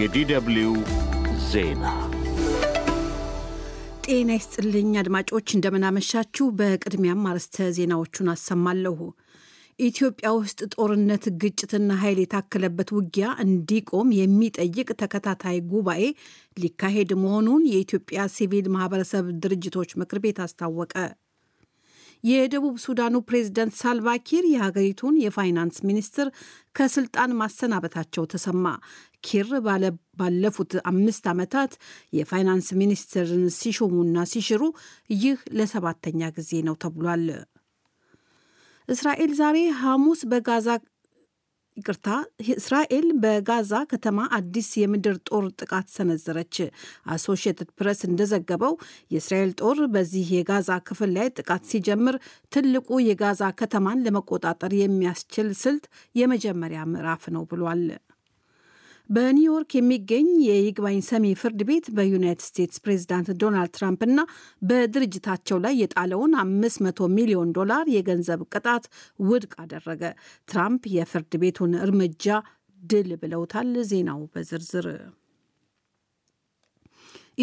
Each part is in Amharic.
የዲደብሊው ዜና ጤና ይስጥልኝ አድማጮች፣ እንደምናመሻችሁ። በቅድሚያም አርስተ ዜናዎቹን አሰማለሁ። ኢትዮጵያ ውስጥ ጦርነት፣ ግጭትና ኃይል የታከለበት ውጊያ እንዲቆም የሚጠይቅ ተከታታይ ጉባኤ ሊካሄድ መሆኑን የኢትዮጵያ ሲቪል ማህበረሰብ ድርጅቶች ምክር ቤት አስታወቀ። የደቡብ ሱዳኑ ፕሬዝደንት ሳልቫኪር የሀገሪቱን የፋይናንስ ሚኒስትር ከስልጣን ማሰናበታቸው ተሰማ። ኪር ባለፉት አምስት ዓመታት የፋይናንስ ሚኒስትርን ሲሾሙና ሲሽሩ ይህ ለሰባተኛ ጊዜ ነው ተብሏል። እስራኤል ዛሬ ሐሙስ በጋዛ ይቅርታ እስራኤል በጋዛ ከተማ አዲስ የምድር ጦር ጥቃት ሰነዘረች። አሶሺየትድ ፕሬስ እንደዘገበው የእስራኤል ጦር በዚህ የጋዛ ክፍል ላይ ጥቃት ሲጀምር ትልቁ የጋዛ ከተማን ለመቆጣጠር የሚያስችል ስልት የመጀመሪያ ምዕራፍ ነው ብሏል። በኒውዮርክ የሚገኝ የይግባኝ ሰሚ ፍርድ ቤት በዩናይትድ ስቴትስ ፕሬዚዳንት ዶናልድ እና በድርጅታቸው ላይ የጣለውን 500 ሚሊዮን ዶላር የገንዘብ ቅጣት ውድቅ አደረገ። ትራምፕ የፍርድ ቤቱን እርምጃ ድል ብለውታል። ዜናው በዝርዝር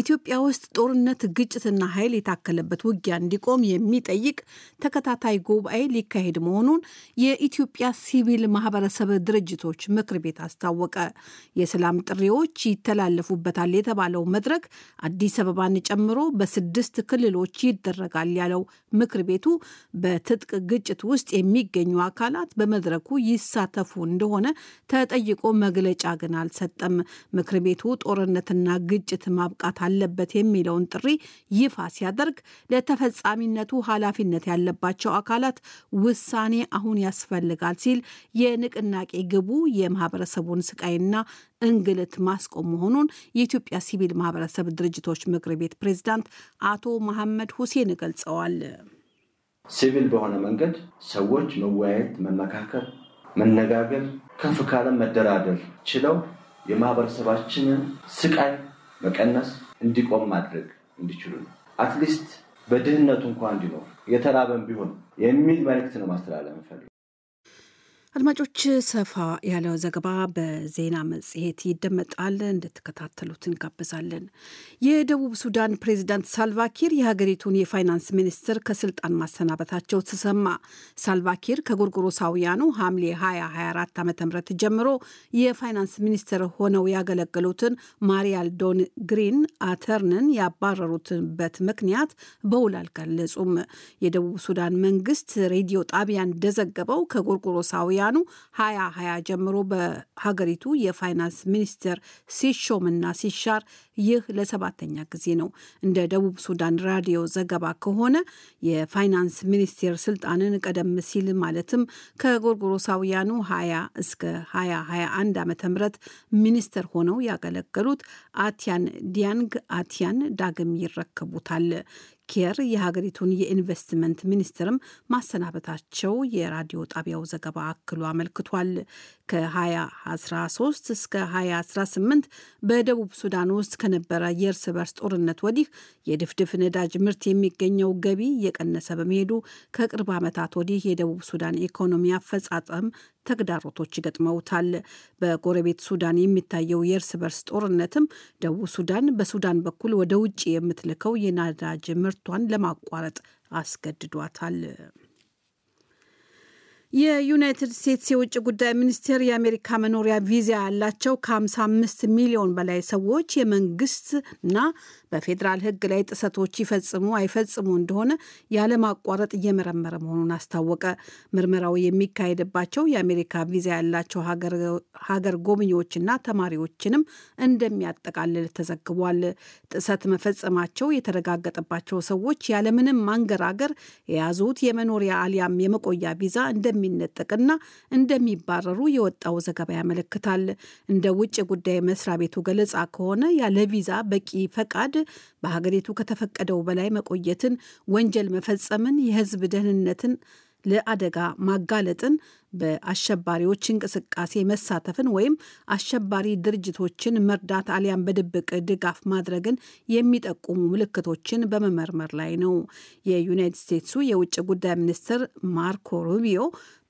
ኢትዮጵያ ውስጥ ጦርነት፣ ግጭትና ኃይል የታከለበት ውጊያ እንዲቆም የሚጠይቅ ተከታታይ ጉባኤ ሊካሄድ መሆኑን የኢትዮጵያ ሲቪል ማህበረሰብ ድርጅቶች ምክር ቤት አስታወቀ። የሰላም ጥሪዎች ይተላለፉበታል የተባለው መድረክ አዲስ አበባን ጨምሮ በስድስት ክልሎች ይደረጋል ያለው ምክር ቤቱ በትጥቅ ግጭት ውስጥ የሚገኙ አካላት በመድረኩ ይሳተፉ እንደሆነ ተጠይቆ መግለጫ ግን አልሰጠም። ምክር ቤቱ ጦርነትና ግጭት ማብቃት መሰራት አለበት የሚለውን ጥሪ ይፋ ሲያደርግ ለተፈጻሚነቱ ኃላፊነት ያለባቸው አካላት ውሳኔ አሁን ያስፈልጋል ሲል የንቅናቄ ግቡ የማህበረሰቡን ስቃይና እንግልት ማስቆም መሆኑን የኢትዮጵያ ሲቪል ማህበረሰብ ድርጅቶች ምክር ቤት ፕሬዝዳንት አቶ መሐመድ ሁሴን ገልጸዋል። ሲቪል በሆነ መንገድ ሰዎች መወያየት፣ መመካከር፣ መነጋገር ከፍ ካለ መደራደር ችለው የማህበረሰባችንን ስቃይ መቀነስ እንዲቆም ማድረግ እንዲችሉ ነው። አትሊስት በድህነቱ እንኳ እንዲኖር የተራበን ቢሆን የሚል መልእክት ነው ማስተላለፍ አድማጮች ሰፋ ያለው ዘገባ በዜና መጽሔት ይደመጣል። እንድትከታተሉት እንጋብዛለን። የደቡብ ሱዳን ፕሬዚዳንት ሳልቫኪር የሀገሪቱን የፋይናንስ ሚኒስትር ከስልጣን ማሰናበታቸው ተሰማ። ሳልቫኪር ከጎርጎሮሳውያኑ ሐምሌ 2024 ዓ ም ጀምሮ የፋይናንስ ሚኒስትር ሆነው ያገለገሉትን ማሪያል ዶን ግሪን አተርንን ያባረሩትበት ምክንያት በውል አልገለጹም። የደቡብ ሱዳን መንግስት ሬዲዮ ጣቢያ እንደዘገበው ከጎርጎሮሳውያ ከአውሮፓውያኑ ሀያ ሀያ ጀምሮ በሀገሪቱ የፋይናንስ ሚኒስትር ሲሾምና ሲሻር ይህ ለሰባተኛ ጊዜ ነው። እንደ ደቡብ ሱዳን ራዲዮ ዘገባ ከሆነ የፋይናንስ ሚኒስቴር ስልጣንን ቀደም ሲል ማለትም ከጎርጎሮሳውያኑ 20 እስከ 2021 ም ሚኒስትር ሆነው ያገለገሉት አቲያን ዲያንግ አቲያን ዳግም ይረከቡታል። ኬር የሀገሪቱን የኢንቨስትመንት ሚኒስትርም ማሰናበታቸው የራዲዮ ጣቢያው ዘገባ አክሎ አመልክቷል። ከ2013 እስከ 2018 በደቡብ ሱዳን ውስጥ ከነበረ የእርስ በርስ ጦርነት ወዲህ የድፍድፍ ነዳጅ ምርት የሚገኘው ገቢ እየቀነሰ በመሄዱ ከቅርብ ዓመታት ወዲህ የደቡብ ሱዳን ኢኮኖሚ አፈጻጸም ተግዳሮቶች ይገጥመውታል። በጎረቤት ሱዳን የሚታየው የእርስ በርስ ጦርነትም ደቡብ ሱዳን በሱዳን በኩል ወደ ውጭ የምትልከው የነዳጅ ምርቷን ለማቋረጥ አስገድዷታል። የዩናይትድ ስቴትስ የውጭ ጉዳይ ሚኒስቴር የአሜሪካ መኖሪያ ቪዛ ያላቸው ከ55 ሚሊዮን በላይ ሰዎች የመንግስትና በፌዴራል ሕግ ላይ ጥሰቶች ይፈጽሙ አይፈጽሙ እንደሆነ ያለማቋረጥ እየመረመረ መሆኑን አስታወቀ። ምርመራው የሚካሄድባቸው የአሜሪካ ቪዛ ያላቸው ሀገር ጎብኚዎችና ተማሪዎችንም እንደሚያጠቃልል ተዘግቧል። ጥሰት መፈጸማቸው የተረጋገጠባቸው ሰዎች ያለምንም ማንገራገር የያዙት የመኖሪያ አሊያም የመቆያ ቪዛ እንደሚነጠቅና እንደሚባረሩ የወጣው ዘገባ ያመለክታል። እንደ ውጭ ጉዳይ መስሪያ ቤቱ ገለጻ ከሆነ ያለ ቪዛ በቂ ፈቃድ በሀገሪቱ ከተፈቀደው በላይ መቆየትን፣ ወንጀል መፈጸምን፣ የህዝብ ደህንነትን ለአደጋ ማጋለጥን በአሸባሪዎች እንቅስቃሴ መሳተፍን ወይም አሸባሪ ድርጅቶችን መርዳት አሊያም በድብቅ ድጋፍ ማድረግን የሚጠቁሙ ምልክቶችን በመመርመር ላይ ነው። የዩናይትድ ስቴትሱ የውጭ ጉዳይ ሚኒስትር ማርኮ ሩቢዮ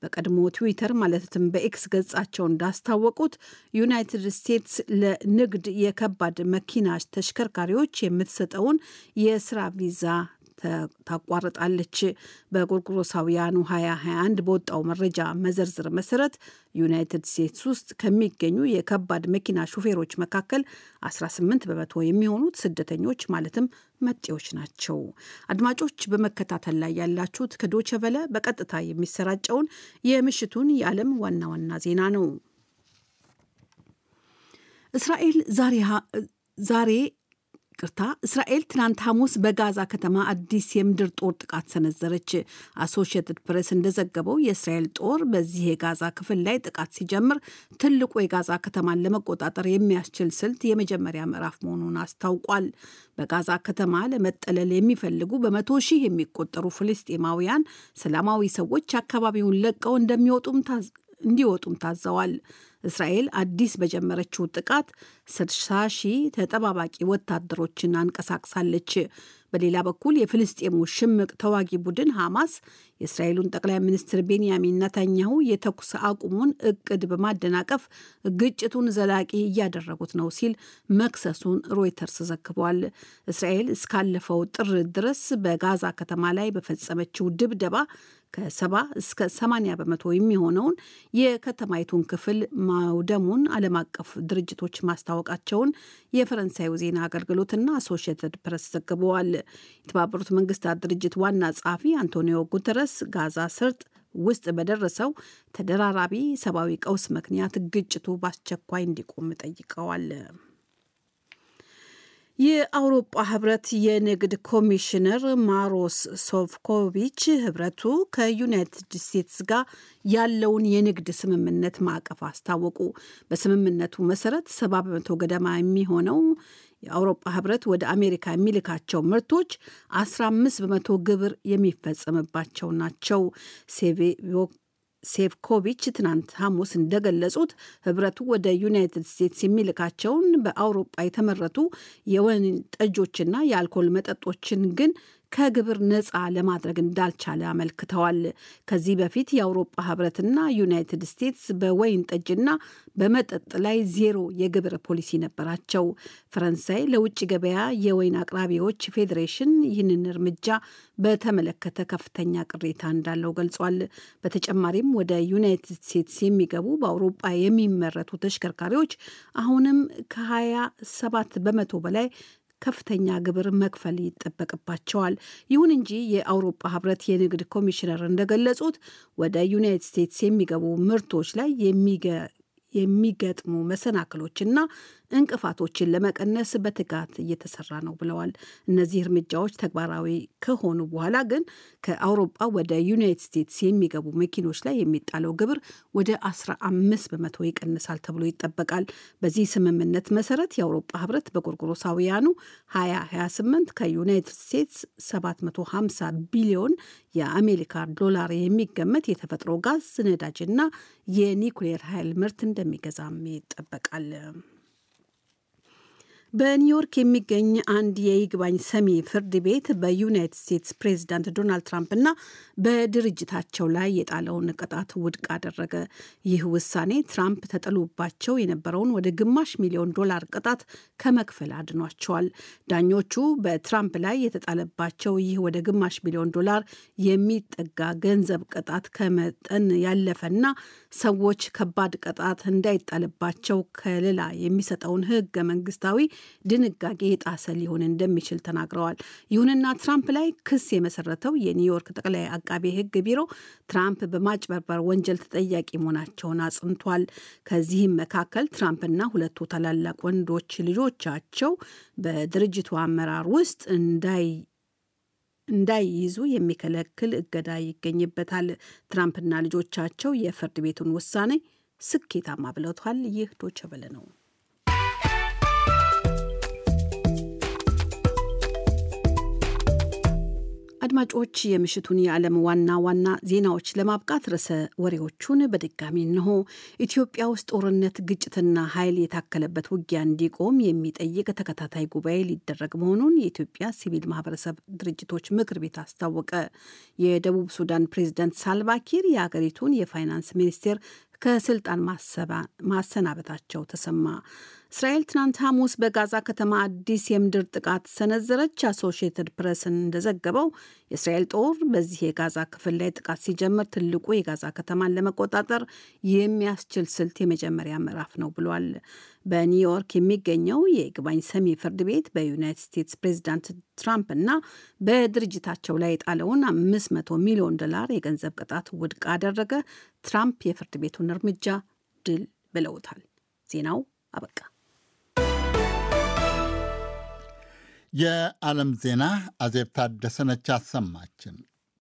በቀድሞ ትዊተር ማለትም በኤክስ ገጻቸው እንዳስታወቁት ዩናይትድ ስቴትስ ለንግድ የከባድ መኪና ተሽከርካሪዎች የምትሰጠውን የስራ ቪዛ ታቋርጣለች። በጎርጎሮሳውያኑ 2021 በወጣው መረጃ መዘርዝር መሰረት ዩናይትድ ስቴትስ ውስጥ ከሚገኙ የከባድ መኪና ሹፌሮች መካከል 18 በመቶ የሚሆኑት ስደተኞች ማለትም መጤዎች ናቸው። አድማጮች በመከታተል ላይ ያላችሁት ከዶቸቨለ በቀጥታ የሚሰራጨውን የምሽቱን የዓለም ዋና ዋና ዜና ነው። እስራኤል ዛሬ ይቅርታ፣ እስራኤል ትናንት ሐሙስ በጋዛ ከተማ አዲስ የምድር ጦር ጥቃት ሰነዘረች። አሶሺየትድ ፕሬስ እንደዘገበው የእስራኤል ጦር በዚህ የጋዛ ክፍል ላይ ጥቃት ሲጀምር ትልቁ የጋዛ ከተማን ለመቆጣጠር የሚያስችል ስልት የመጀመሪያ ምዕራፍ መሆኑን አስታውቋል። በጋዛ ከተማ ለመጠለል የሚፈልጉ በመቶ ሺህ የሚቆጠሩ ፍልስጤማውያን ሰላማዊ ሰዎች አካባቢውን ለቀው እንደሚወጡም እንዲወጡም ታዘዋል። እስራኤል አዲስ በጀመረችው ጥቃት ስድሳ ሺህ ተጠባባቂ ወታደሮችን አንቀሳቅሳለች። በሌላ በኩል የፍልስጤሙ ሽምቅ ተዋጊ ቡድን ሐማስ የእስራኤሉን ጠቅላይ ሚኒስትር ቤንያሚን ነታኛሁ የተኩስ አቁሙን እቅድ በማደናቀፍ ግጭቱን ዘላቂ እያደረጉት ነው ሲል መክሰሱን ሮይተርስ ዘግቧል። እስራኤል እስካለፈው ጥር ድረስ በጋዛ ከተማ ላይ በፈጸመችው ድብደባ ከሰባ እስከ ሰማንያ በመቶ የሚሆነውን የከተማይቱን ክፍል ማውደሙን ዓለም አቀፍ ድርጅቶች ማስታወቃቸውን የፈረንሳዩ ዜና አገልግሎትና አሶሽትድ ፕሬስ ዘግበዋል። የተባበሩት መንግስታት ድርጅት ዋና ጸሐፊ አንቶኒዮ ጉተረስ ጋዛ ስርጥ ውስጥ በደረሰው ተደራራቢ ሰብአዊ ቀውስ ምክንያት ግጭቱ በአስቸኳይ እንዲቆም ጠይቀዋል። የአውሮጳ ህብረት የንግድ ኮሚሽነር ማሮስ ሶፍኮቪች ህብረቱ ከዩናይትድ ስቴትስ ጋር ያለውን የንግድ ስምምነት ማዕቀፍ አስታወቁ። በስምምነቱ መሰረት ሰባ በመቶ ገደማ የሚሆነው የአውሮጳ ህብረት ወደ አሜሪካ የሚልካቸው ምርቶች 15 በመቶ ግብር የሚፈጸምባቸው ናቸው። ሴቬ ሴቭኮቪች ትናንት ሐሙስ እንደገለጹት ህብረቱ ወደ ዩናይትድ ስቴትስ የሚልካቸውን በአውሮፓ የተመረቱ የወይን ጠጆችና የአልኮል መጠጦችን ግን ከግብር ነፃ ለማድረግ እንዳልቻለ አመልክተዋል። ከዚህ በፊት የአውሮፓ ህብረትና ዩናይትድ ስቴትስ በወይን ጠጅና በመጠጥ ላይ ዜሮ የግብር ፖሊሲ ነበራቸው። ፈረንሳይ ለውጭ ገበያ የወይን አቅራቢዎች ፌዴሬሽን ይህንን እርምጃ በተመለከተ ከፍተኛ ቅሬታ እንዳለው ገልጿል። በተጨማሪም ወደ ዩናይትድ ስቴትስ የሚገቡ በአውሮፓ የሚመረቱ ተሽከርካሪዎች አሁንም ከ27 በመቶ በላይ ከፍተኛ ግብር መክፈል ይጠበቅባቸዋል። ይሁን እንጂ የአውሮፓ ህብረት የንግድ ኮሚሽነር እንደገለጹት ወደ ዩናይትድ ስቴትስ የሚገቡ ምርቶች ላይ የሚገጥሙ መሰናክሎችና እንቅፋቶችን ለመቀነስ በትጋት እየተሰራ ነው ብለዋል። እነዚህ እርምጃዎች ተግባራዊ ከሆኑ በኋላ ግን ከአውሮፓ ወደ ዩናይትድ ስቴትስ የሚገቡ መኪኖች ላይ የሚጣለው ግብር ወደ 15 በመቶ ይቀንሳል ተብሎ ይጠበቃል። በዚህ ስምምነት መሰረት የአውሮፓ ህብረት በጎርጎሮሳውያኑ 2028 ከዩናይትድ ስቴትስ 750 ቢሊዮን የአሜሪካ ዶላር የሚገመት የተፈጥሮ ጋዝ ነዳጅና የኒኩሌር ኃይል ምርት እንደሚገዛም ይጠበቃል። በኒውዮርክ የሚገኝ አንድ የይግባኝ ሰሚ ፍርድ ቤት በዩናይትድ ስቴትስ ፕሬዚዳንት ዶናልድ እና በድርጅታቸው ላይ የጣለውን ቅጣት ውድቅ አደረገ። ይህ ውሳኔ ትራምፕ ተጥሎባቸው የነበረውን ወደ ግማሽ ሚሊዮን ዶላር ቅጣት ከመክፈል አድኗቸዋል። ዳኞቹ በትራምፕ ላይ የተጣለባቸው ይህ ወደ ግማሽ ሚሊዮን ዶላር የሚጠጋ ገንዘብ ቅጣት ከመጠን ያለፈና ሰዎች ከባድ ቅጣት እንዳይጣልባቸው ከሌላ የሚሰጠውን ህገ መንግስታዊ ድንጋጌ የጣሰ ሊሆን እንደሚችል ተናግረዋል። ይሁንና ትራምፕ ላይ ክስ የመሰረተው የኒውዮርክ ጠቅላይ አቃቤ ህግ ቢሮ ትራምፕ በማጭበርበር ወንጀል ተጠያቂ መሆናቸውን አጽንቷል። ከዚህም መካከል ትራምፕና ሁለቱ ታላላቅ ወንዶች ልጆቻቸው በድርጅቱ አመራር ውስጥ እንዳይ እንዳይይዙ የሚከለክል እገዳ ይገኝበታል። ትራምፕና ልጆቻቸው የፍርድ ቤቱን ውሳኔ ስኬታማ ብለውታል። ይህ ዶቸበለ ነው። አድማጮች፣ የምሽቱን የዓለም ዋና ዋና ዜናዎች ለማብቃት ርዕሰ ወሬዎቹን በድጋሚ እንሆ። ኢትዮጵያ ውስጥ ጦርነት፣ ግጭትና ኃይል የታከለበት ውጊያ እንዲቆም የሚጠይቅ ተከታታይ ጉባኤ ሊደረግ መሆኑን የኢትዮጵያ ሲቪል ማህበረሰብ ድርጅቶች ምክር ቤት አስታወቀ። የደቡብ ሱዳን ፕሬዝዳንት ሳልቫኪር የአገሪቱን የፋይናንስ ሚኒስቴር ከስልጣን ማሰናበታቸው ተሰማ። እስራኤል ትናንት ሐሙስ በጋዛ ከተማ አዲስ የምድር ጥቃት ሰነዘረች። አሶሺየትድ ፕሬስን እንደዘገበው የእስራኤል ጦር በዚህ የጋዛ ክፍል ላይ ጥቃት ሲጀምር ትልቁ የጋዛ ከተማን ለመቆጣጠር የሚያስችል ስልት የመጀመሪያ ምዕራፍ ነው ብሏል። በኒውዮርክ የሚገኘው የይግባኝ ሰሚ ፍርድ ቤት በዩናይትድ ስቴትስ ፕሬዚዳንት ትራምፕ እና በድርጅታቸው ላይ የጣለውን 500 ሚሊዮን ዶላር የገንዘብ ቅጣት ውድቅ አደረገ። ትራምፕ የፍርድ ቤቱን እርምጃ ድል ብለውታል። ዜናው አበቃ። የዓለም ዜና አዜብ ታደሰነች አሰማችን።